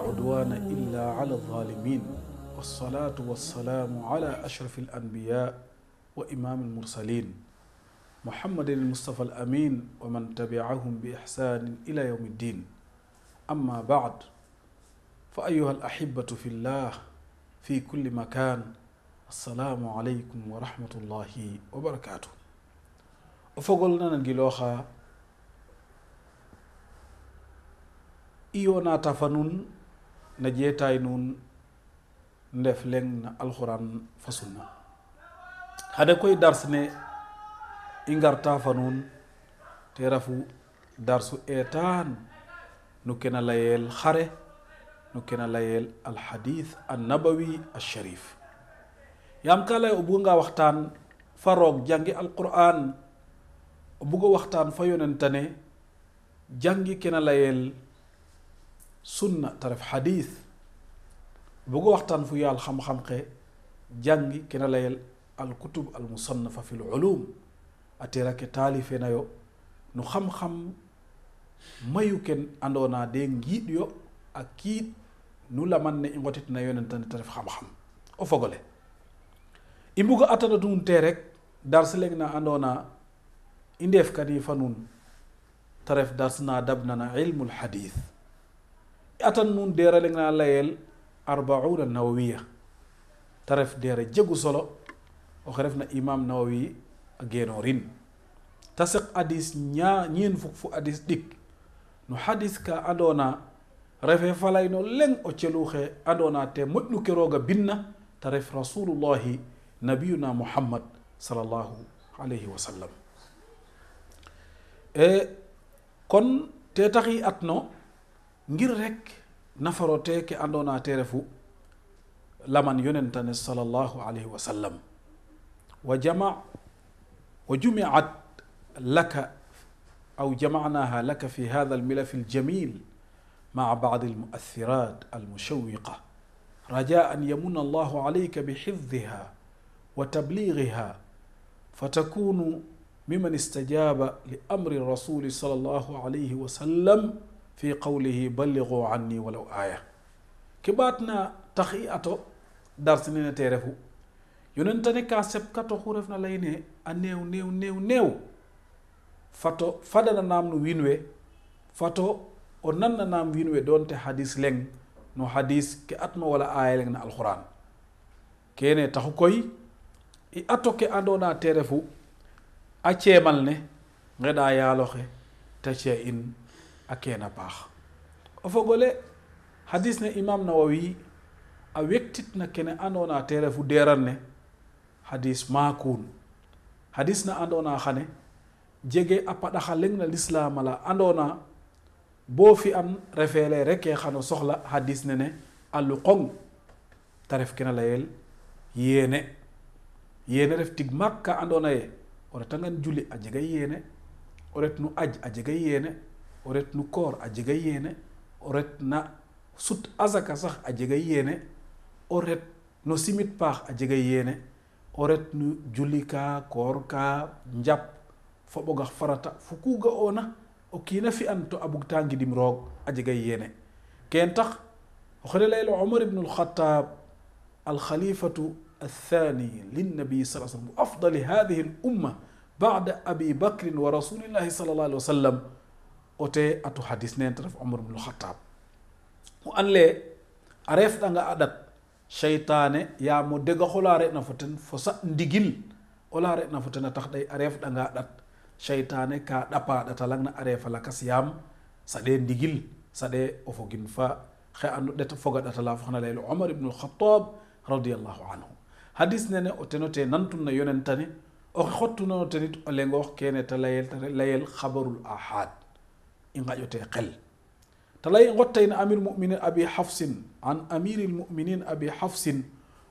عدوان إلا على الظالمين والصلاة والسلام على أشرف الأنبياء وإمام المرسلين محمد المصطفى الأمين ومن تبعهم بإحسان إلى يوم الدين أما بعد فأيها الأحبة في الله في كل مكان السلام عليكم ورحمة الله وبركاته أفقلنا نجلوخا إيونا تفنون na jeetaay nun ndef leng na alxuraan fasunna hade koy dars ne i ngarta fa nuun te refu darsu eetaan nu ke na xare nu ke na layel alxadiis annabawi alsharif yaam ka lay o buga nga waxtaan fa roog jangi alquraan o buga waxtaan fa yonentane jangi ke na layel sunna te ref xadiis waxtaan fu yàlla xam-xam xee jàngi ki na layel al kutub al musannafa fi l ulum atera ke taalife nayo no xam-xam mayu kenn andoona de ngiiɗ yo a kiiɗ nu laman ne i ngotitna yonen tane te ref xam-xam o i mbuga atana tun rek darsi leŋ na andoona i ndeef kadi fa nun te dars na dabna na ilmul xadiis atan nun deera leg naa layel arbauna nawawiya te ref deera jegu solo oxe refna imam nawawi a genorin te seq hadis ñaa ñeen fu hadis dik no hadis ka andoona refe falay no leng o celuxe andoona te moƴnu ke roog a binna te ref rasulullahi nabiyuna muhammad sallallahu alayhi wa sallam e kon te taxi atno ngir rek nafarotee ke andoona te refu laman yonentane sallallahu alayhi wa sallam wa jama wa jumiat laka aw jamanaha laka fi hada almilafi aljamil maa baad almuathirat almushawiqa raja an yamuna allahu alayka bixifdiha wa tabligiha fatakunu miman istajaba li amri rasuli sallallahu alayhi wa sallam fi qawlihi balligu anni walaw aaya kibaat na tax i ato darsi nene te refu yonentane ka sebkato xu refna leyne a neew neew neew neew fato fadananam no wiin we fato o nannanam wiin we doonte hadis leng no hadis ke atma wala aaya leng na alquran kene taxu koy i ato ke andona te refu a ceemal ne ngeɗa yaaloxe te in a keena paax o fogole hadis ne imam nawawi a wektitna kene andona te refu deran ne hadis maakun hadis na andona xane jege a paɗaxa leŋ na lislaam ala boo fi an refeele reke xano soxla hadis nene a luqong te ref kena layel yéene yéene ref tig maak ka andona ye o julli a jega yéene o nu aj a jega yéene o retnu koor a jega yeene o na sut azaka sax a jega yeene o ret simit paax a jega yeene o nu julli kaa koor kaa njàpp farata fu ku ga'oona o kiina fi'an to a bug ta ngidim roog a jega yeene ken tax oxene leyel omar ibnu alxataab alxalifatu althani linnabii sal sallam afdali hadihi al umma bada abi bakrin wa rasulillahi sal allah ote atu hadisnen to ref omar ibnul khatab o anle a refɗanga a ɗat cheytane yamo dega xola reɗna fo ten fo sa ndigil ola reɗna fo ten a tax ɗay a refɗanga a ɗat cheytane ka ɗapa ɗata langna fo xana leyel omar ibnul khatab radiallahu anhu hadis nene o teno te nantun na yonentane oxe xottunono tenit o lengoox kene te layel xabarul ahad i gaƴote qel talay gottayno amir muminin abi hafsin an amiri lmuminin abi hafsin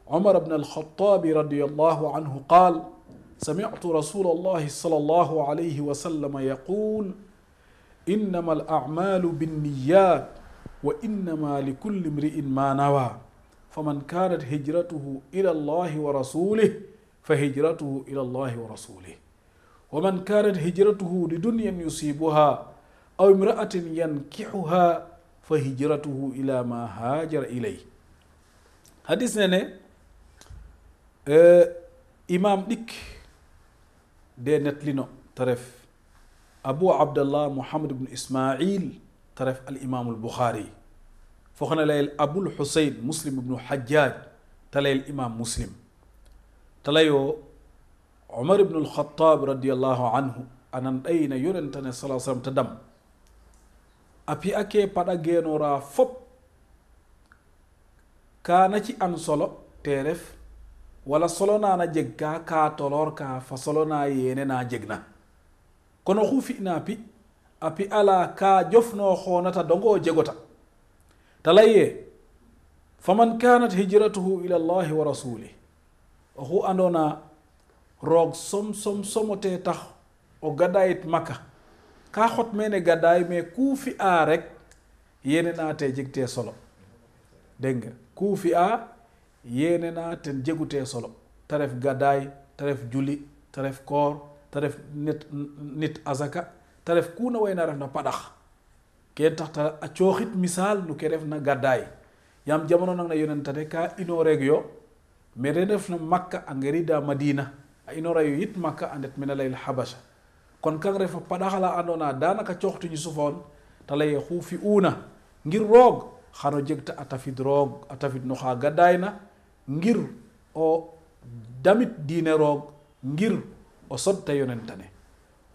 عمر بن الخطاب رضي الله عنه قال سمعت رسول الله صلى الله عليه وسلم يقول إنما الأعمال بالنيات وإنما لكل امرئ ما نوى فمن كانت هجرته إلى الله ورسوله فهجرته إلى الله ورسوله ومن كانت هجرته لدنيا يصيبها aw imraatin yankixuha fa hijratuhu ila ma haajara ilay hadis ne ne e, imam ɗik de netlino ta ref abu abdallah muhammad ibnu ismail ta ref al imamu lbuxaari foxna layel abul xusayn muslim ibnu xajjaaj ta layel imam muslim ta layo umar ibnu alxataab radiallahu anhu anan ɗayna yonentane sala sallam ta dam api ake paɗa geenora fop kana ci an solo te ref wala solo nana jeg ka ka tolor ka fa solo na yene na jeg na kono xu fina pi api ala ka jofno xonata dongo jegota ta laye faman kanat hijratuhu ila allahi wa rasulih oxu andona roog som som somote tax o gadayit makka kaa xot mene gàddaay mais kuu fi aa rek yéene naa te jeg tee solo dégg nga kuu fi aa yéene naa te solo te ref gàddaay te ref julli te ref koor te ref nit azaka te ref ku na way na ref na padax ken tax te a cooxit misaal nu ke ref na gàddaay yaam jamono nag na yonente de kaa inoreeg yo mais de ref na makka a ngeri da madina a inoora yo yit makka a ndet mene layel kon kangre fo paɗahala andona danaka cohtuji sufa on ta laye huufi una ngir roog xano jegta a tafid roog a tafid no xa gaddayna ngir o damit diine roog ngir o sodta yonentane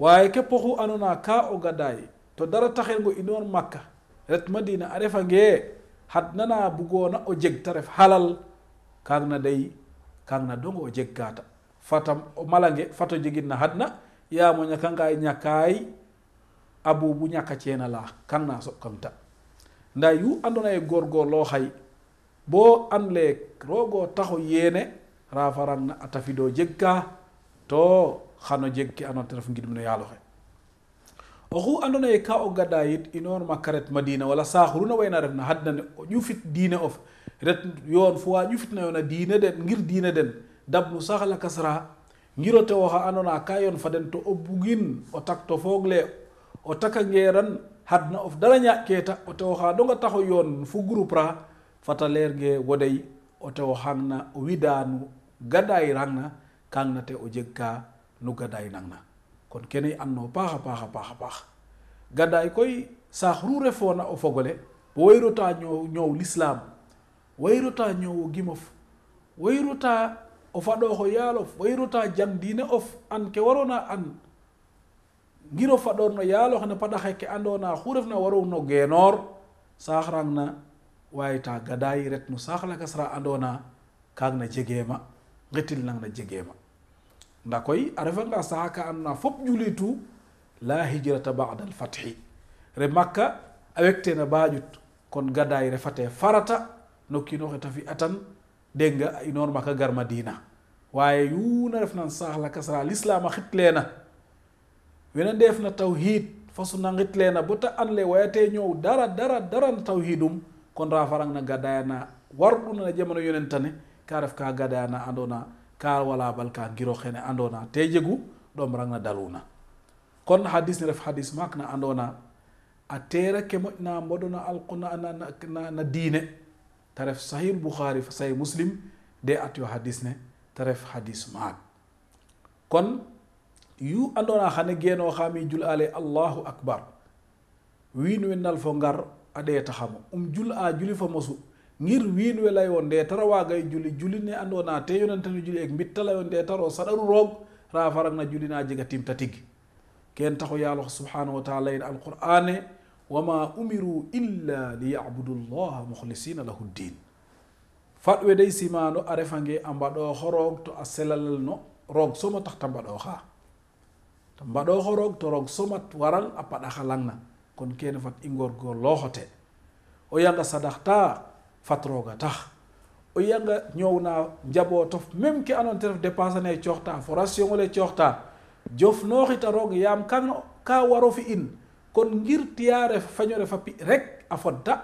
waaye ke poxu andona ka o gaddaay to dara taxengo inoor makka ret madina a refa ngee xat bugoona o jeg ta ref xalal kaag na day kaag na dongo jeg kaata fatam o malange fato jegin na xadna yaamoña kanka e ñakkaay aboubu ñakka ceena laa kanna soɓkamta nda yu andona e gorgorlo hay bo anle rogo taho yeene rafaran a tafido jegka to xano jeg ke andona ten ref ngidmino yaalo xe oxu andona ye ka o gada yit inoor ma karet madina wala saaxuru na wayna ref na hadna ne o ƴufit diine of ret yoon fo wa ƴufit na yoona diine den ngir diine den dabnu sax lakas ra giro tewo xa ando naye ka yoon fa den to o bugin o tak foogle o taka ngeran hadna of dara ñaaƴ keta o tewo xa donga taxo yoon fu groupe ra fata leer ge wodey o tewo na o widanu gadayi rang na kang na te o jeg ka nu gadayi nang na kon kene i and no paaxa paaxa paaxa paax gadaay koy saax ru refoona o fogole woy rota ñoow ñoow l'islam woy rota ñoow gimof woy rota o faɗo ko yaalof wayruta janndine of an ke warona an giro faɗorno yaalo hene paɗa heke andona xu refna warowno geenor saxrang na waye ta ret no saxlakas ra andona kag na jegeema ngetil nang na jegeema nda koy a refanga saxa ka andona fop julitu la hijrata bada alfathi re makka a wegtena baƴut kon gadayi refate farata no kiinoxe ta fi atan dégg nga ay noonu garma diina waaye yuuna def na saaxla kasara lislaama xitlee na weneen def na tawhid fasu na xitlee na ba ta anle wayatee ñëw dara dara dara na tawhidum kon rafarang na gaddaya na warlu na jamono yonentane ka ref ka gaddaya na andoona ka wala bal ngiro xene andoona te jegu ɗom rang na daluna kon hadis ne ref hadis maak na andoona a teera ke moƴna mboɗona alquna na diine te ref sahih fa sahih muslim de at yo hadis ne te ref hadis kon yu andoona xane geenoo xaami jul ale allahu akbar wiin we nal fo ngar adee taxama um jul a fa mosu ngir wiin we layoon de tara waagay juli juli ne andoona te yonente ne ek mbitta layoon de taroo saɗaru roog raa na juli naa jega ta tig ken taxu yàlla subhanahu wa taala in alqur'ane wa ma umiru illa li yabudu llaha mukhlisina lahu ddin fatwe dey simano a refange a mbaɗoxo roog to a selalal no roog soma tax te mbaɗoxa te mbaɗoxo roog to roog somat waral a paɗaxa na kon kene fat i ngorgorlooxote o yanga sadaxta fat rooga tax o yanga ñoowna njabootof même ke andoona te ref dépense ne cooxta foration ole cooxta jofnooxita roog yaam kan ka waro fi'in kon guir tiyare fañore fapi rek a fodda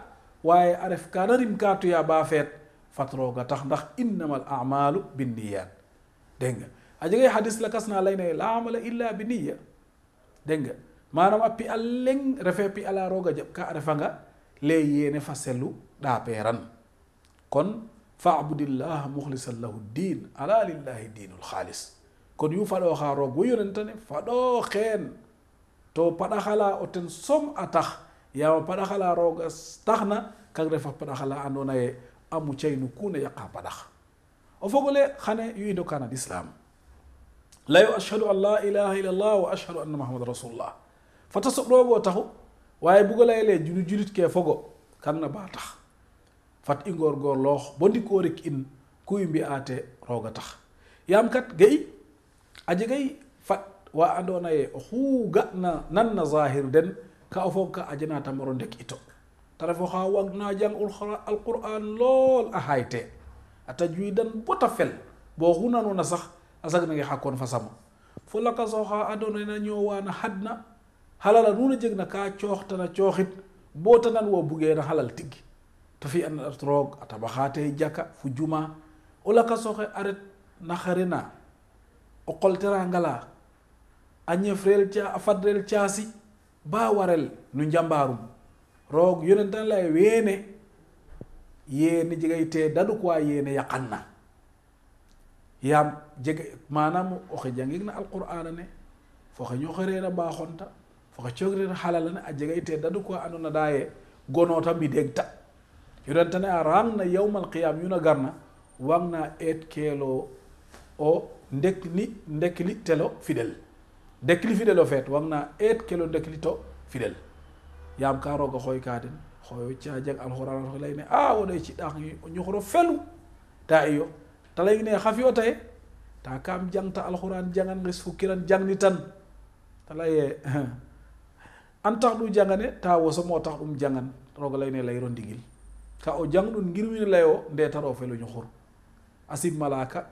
waaye a ref kaana rim ka feet fat tax ndax innamal amalu binniyat dégg a jegay hadis la kas na lay naye la amala illa bi niya dégg nga a pi a leng refe pi ala rooga ka a refa nga fa selu ɗapeeran kon faabudillah mukhlisan lahu din lillahi dinul xaalis kon yu faɗoxa roog wo yonentane faɗoxeen to paɗaxala o som a tax yama paɗaxala rooga taxna kag refa paɗaxala ando naye a mucay no ku ne yaqa paɗax o fogole xane yu i ndoka na l'islam layo ashhadu an la wa ashhadu anna muhammad rasulullah fata soɓɗogo taxu waye bugo leyele julu julit ke fogo kam na ba tax fat i ngorgorloox bo ndiko rik in ku i mbi'ate rooga tax yaam kat ga'i a jegay fat wa andona ye xuugana nanna zahir den ka o fog ka ajana ta mbaro ito ta ref oxa waag na jang alquran lool a xaay te a tajwidan bota sax a sag nange xa koon fa samo fo lakas oxa andona ye na ñowana xadna a jeg ta nan wo bugeena xalal to fi an at roog a tabaxaate jaka fu juma o lakasoxe a ret na xare na o qolterangala añefreel ca afadreel caasi baa warel nu njambaarum roog yonentan lay weene yeeni jegaytee dadu kuwa yeene yaqan na yaam jege maanaam oxe jangigna alqur'ana ne foxe ñoxereena baaxonta foxe cogreena xalala ne a jegaytee dadu kuwa andona daaye gonoota mbidegta yonenta ne a raang na yawmal qiyam yuna garna wang na eet keeloo o ndek li ndek li telo fidèle dekli fidelo feet wamna eet kelo dekli to fidel yam ka roga xooy ka den xooyo cajang alxuraan lay ne a ah, wo ɗoy ciɗɗak ñuxuro felu ta iyo ta lay ne xa fiyo taye ta kam jangta alxuraan jangan nges fukkiran jangni tan ta laye an tax ɗum jangane ta wosomo tax ɗum jangan roga lay ne layro ndigil ka o jang ɗum ngir win layo nde taro felu ñuxur asib malaka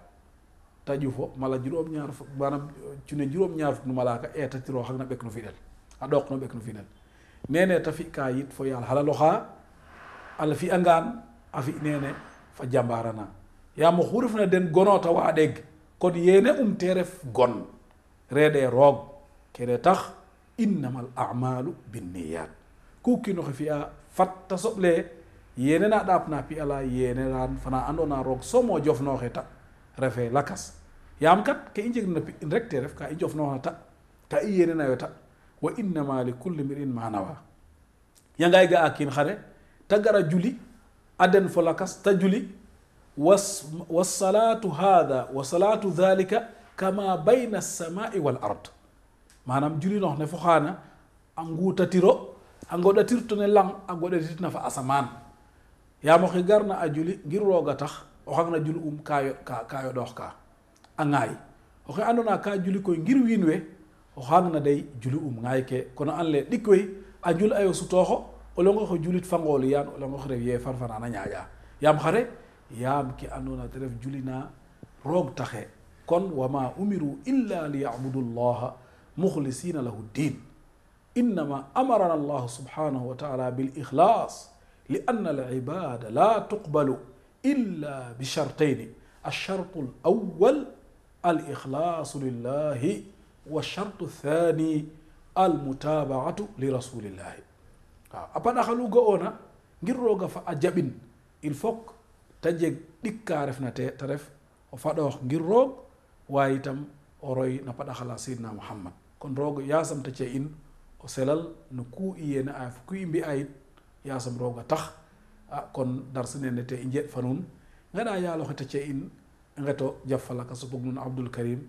taju fo mala juróom-ñaar fukk uh, nu malaaka e tatiroo xak na ɓek no fiɗel a ɗook no ɓek no fiɗel nene te fika yit fo yaal xala loxaa ala fi'angaan a fi nene fa jambarana yaam oxu refna den gonoota waa ɗeg kon yeene um te ref gon reede roog kene tax innama al amalu binniyat ku kiinoxe fi'a fat ta soɓle yeene na ɗaap na pi'ala yeene raan fana andoona roog somo jofnooxe ta refe lakas yam kat ka i jegnano piɗɗin rek te ref ka i jofnoxonata ka i yenenayota wa innama li kulli mri'in ma nawa yanga i ga'a kiin xare te gara juli a den fo lakas te juli wa salaatu hada wa salaatu dhalika kama bayna alsamai wal ard manam julinox ne fo xaana a nguutatiro a ngoɗatir to ne lang a goɗatirna fa asamaan yaam oxe garna a juli ngir roog tax o xang na jul um ka ka ka a ŋaayi o xe ando naye ka juli koy ngir wiin we o xaangna day juli um ŋaay ke kono an le ɗik we a jul ayo sutooxo o longoxe julit fangoolu yaan o longoxe ref yee farfanaan a ñaaƴaa yaam xare yaam ke ando naye te ref julina roog taxe kon wa ma umiru illa li yabudu llaha muxlisina lahu ddin innama amarana allahu subhanahu wa taala bil ixlaas li anna al ibada la tuqbalu illa bi chartayni alchartu al awal al ixlaasu lillahi wa shartu thani al li rasulillahi waaw apan axalu ga oona ngir rooga fa a jaɓin il faut te jeg ɗik refna te te ref o faɗoox ngir roog waaye o roy na paɗaxala sidna muhammad kon roog yaasam te cee in o selal no ku i a fo ku i mbi'a yaasam roog tax a ah, kon darsi nene te i njeeɗ fa nuun ngana yaaloxe te cee in ngato jaffalaka so pog nun abdoul karim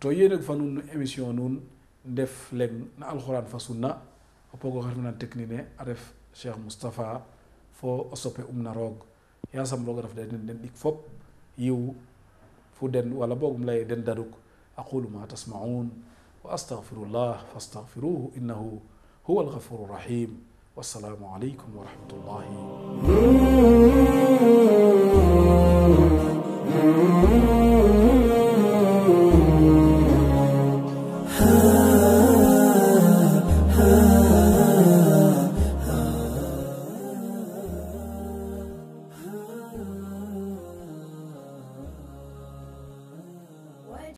to yeneg fa nun émission nun ndef leng na alquran fa sunna o pogo xar fena teknine a ref cheikh moustapha foo o um umna roog yasam roog a ref den den ɗik fop yiw fu den wala bogum laye den daruk aqulu ma tasmaun wa astaghfirullah fastaghfiruhu innahu huwa alghafuru rahim wassalamu alaykum wa rahmatullahi